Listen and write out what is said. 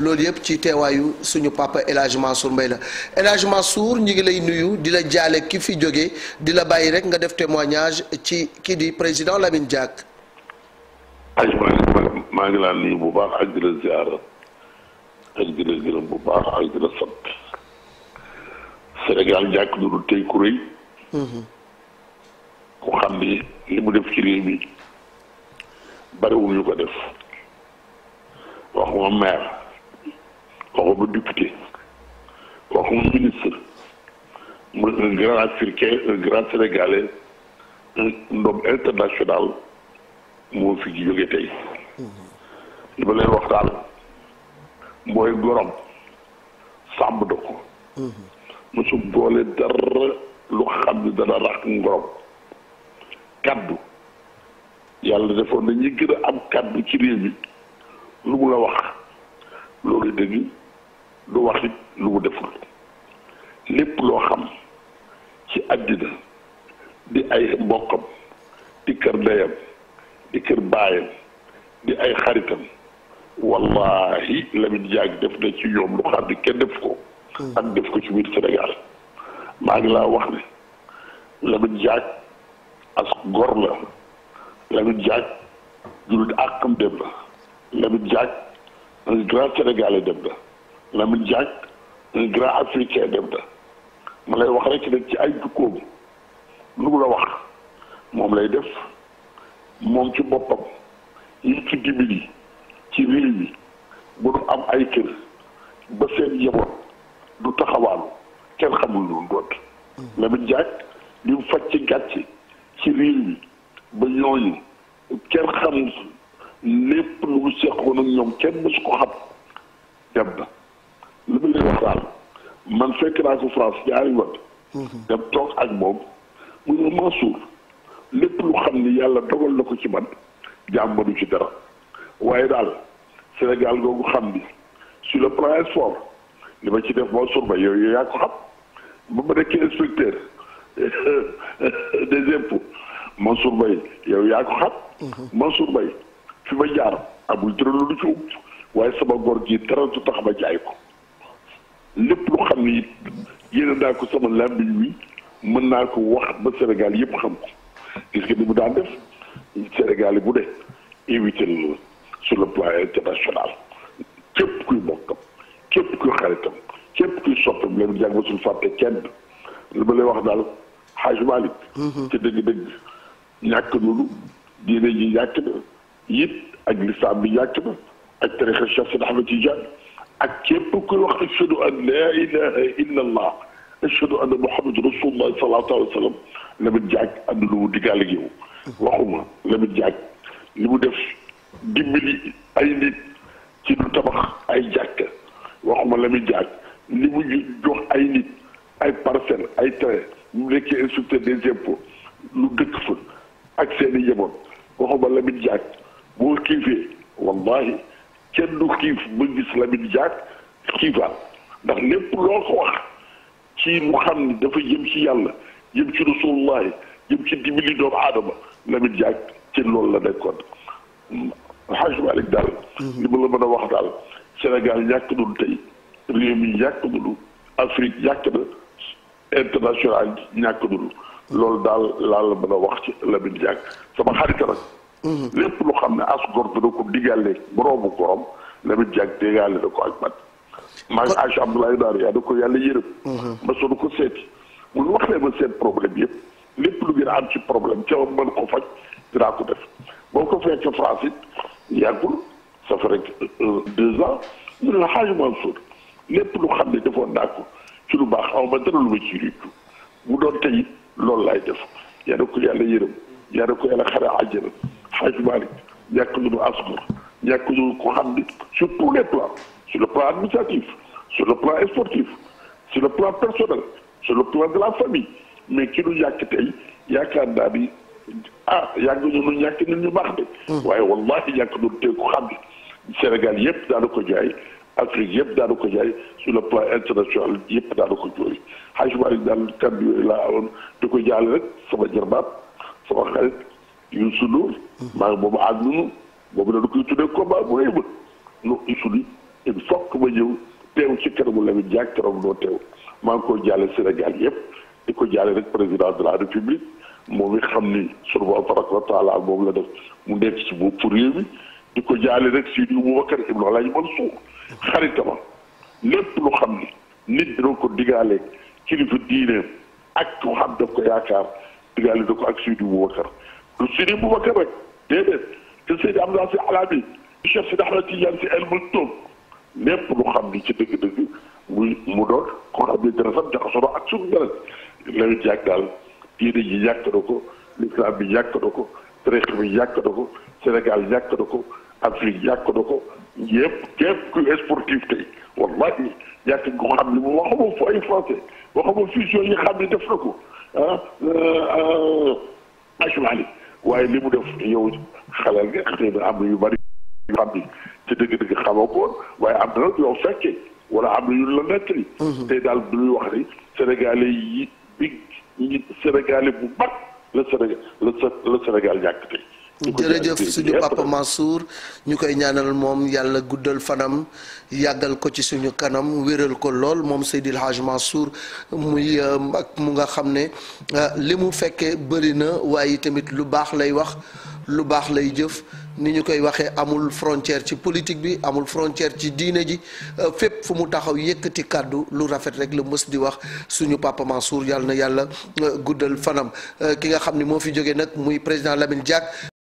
loolu yëpp ci teewaayu suñu papa El Hadj Mansour la El Hadj Mansour ñu lay nuyu di la jaale ki fi jógee di la bàyyi rek nga def témoignage ci kii di président Lamine Diack. maa ngi laa nuyu bu baax ak di la ziar ak di la gërëm la sant ku rëy ku xam ni li mu def ci réew mi bariwul ko def waxuma maire waxuma député waxuma ministre mu un grand africain un grand sénégalais un homme moo fi jóge tey mhm. li ma leen wax daal mooy gorom sàmm na ko mhm. mosu boole dara lu xam dana rax ngorom kaddu yàlla defoon na ñi gën a am kaddu ci réew mi lu mu la wax loolu dëgg du wax it lu mu deful lépp loo xam ci àddina di ay mbokkam di kër ndeyam di kër baayam di ay xaritam wallahi Lamine Diack def na ci ñoom lu xam kenn def ko hmm. ak def ko ci biir Sénégal maa ngi laa wax ne Lamine Diack as gor la Lamine Diack jullit àqam dem na Lamine Diack un grand dem na Lamine Diack un grand africain dem ta ma lay wax rek nag ci ay jukkoom lu mu la wax moom lay def moom ci boppam yi ci dimbali ci réew mi bu nu am ay kër ba seen yeboon du taxawaalu kenn xamul lu mu doon Lamine Diack li faj ci gàcce ci réew mi ba ñooñu kenn xamul lépp lu mu seqoon ak ñoom kenn mësu ko xam dem na waxtaan man fekk naa ko France ñaari yoon. dem toog ak moom mu ne Mansour lépp lu xam ni yàlla dogal na ko ci man jaam mënu ci dara waaye daal Sénégal googu xam ni sur le plan sport li ma ci def Mansour ba yooyu yaa ko xam ba ma nekkee inspecteur des impôts Mansour Mbaye yow yaa ko xam. Mansour Mbaye fi ma jaar amul dërëm lu ci waaye sama góor gi teratu tax ma jaay ko. lépp lu xam ne it yéene naa ko sama làmmiñ wi mën naa ko wax ba Sénégal yëpp xam ko gis nga ni mu daan def yi bu dee invité sur le plan international képp kuy bokkam ku kuy xaritam képp kuy soppam leen jàng ba suñu fàtte kenn li ma lay wax daal Hajj Malick ci mhm. dëgg-dëgg ñàkk loolu diine ji ñàkk na it ak lislaam bi ñàkk na ak tarixa Cheikh Ahmed Tidiane ak képp kuy wax ashhadu an laa ilaha illa allah ashhadu anna muhammadu rasulullah solo alayhi wa sallam Lamine Diack ànd lu mu diggaale ak yow li mu def dimbali ay nit ci du tabax ay jàkk waxuma Lamine Diack li mu jox ay nit ay parcelle ay terrain mu nekkee inspecteur des impôts lu dëkk fa ak seen i njaboot waxuma Lamine Diack boo kiifee wallahi kenn du xiif ba gis Lamine Diack xiifaan ndax lépp loo ko wax ci lu xam ni dafa jëm ci yàlla jëm ci rasulullah jëm ci dimbali doomu aadama Lamine Diack ci loolu la nekkoon Hajj Malick daal mhm. li ma la mën a wax daal Sénégal ñàkk dul tey réew mi ñàkk dul Afrique ñàkk na international ñàkk dul loolu daal laa la mën a wax ci Lamine Diack sama xarit nag Mm-hmm. lépp lu xam ne as gor dana ko diggaale boroomu gorom Lamine Diack déggaale da ko ak mat maa ngi age Abdoulaye Daara yaa da ko yàlla yërëm mm-hmm. ma sonu ko seeti mun waxee ma seen problème yëpp lépp lu ngeen am ci problème ca mën ko faj dinaa ko def boo ko fekkee France it yàggul ça fait rek euh, euh, deux ans ñu ne la Hadj Mansour lépp lu xam ne defoon naa ko ci lu baax aw ma dara lu ma ci riccu bu doon tey loolu laay def yaa da ko yàlla yërëm yaa da ko yàlla xare àjjana Hadj Malick ñàkk nañu askan ñàkk nañu ko xam ni sur tous les plans sur le plan administratif sur le plan sportif sur le plan personnel sur le plan de la famille mais ki nu ñàkk tey yaakaar naa ni ah yàgg nañu nu ñàkk nit ñu baax de. Hmm. waaye wallaahi ñàkk nañu tey ko xam ni Sénégal yëpp daanu ko jaay. Afrique yëpp daanu ko jaay sur le plan international yëpp daanu ko jooy xaaj Malick daal kàddu yooyu laa amoon di ko jaale rek sama jarbaat sama xarit Youssou Ndour maa boobu ak àdduna boobu da koy tuddee combat bu rëy ba no Youssou li il faut que ma ñëw teew ci kanamu Lamine Diack keroog doo teew maa ngi koy jaale Sénégal yëpp di ko jaale rek président de la République moom i xam ni sunu borom tabaraka wa moom la def mu nekk si bopp réew mi di ko jaale rek Seydi Boubacar Ibn Alaaji Mansour xaritama lépp lu xam ni nit dina ko digaale kilifa diineem ak ko xam daf ko yaakaar digaale da ko ak Seydi Boubacar lu Seydi Boubacar rek déedéet te Seydi Hamza si alaami bi Cheikh Seydi Ahmed Tidiane si elmul tóom lépp lu xam ni ci dëgg-dëgg muy mu doon koo xam ne dara sax jaxasoo ak suñu dara lawit yàgg daal diine yi yàq ko l'islam bi yàq ko tariq bi yàq ko Sénégal yàq na ko Afrique yàq na ko yëpp ku sportif tey wallahi yàq nga ko xam ne moom waxuma fu ay français waxuma fusion yi xam ne def na ko ah ah waaye li mu def yow xelal nga xëy yu bari yu xam ni ci dëgg-dëgg xamoo ko waaye am na nag yow fekkee wala am na yu la nettali mhm. tey daal du ñuy wax ni sénégalais yi bu mag la Sénégal la Sénégal ñàkk tey jërëjëf suñu papa Mansour ñu koy ñaanal moom yàlla guddal fanam yàggal ko ci suñu kanam wéral ko lool moom Seydil Hadj Mansour muy euh, ak mu nga xam ne euh, li mu fekkee bëri na waaye tamit lu baax lay wax lu baax lay jëf ni ñu koy waxee amul frontière ci politique bi amul frontière ci diine ji euh, fépp fu mu taxaw yëkkati kàddu lu rafet rek la mës di wax suñu papa Mansour yàlla na yàlla guddal fanam ki nga xam ne moo fi jóge nag muy président Lamine Diack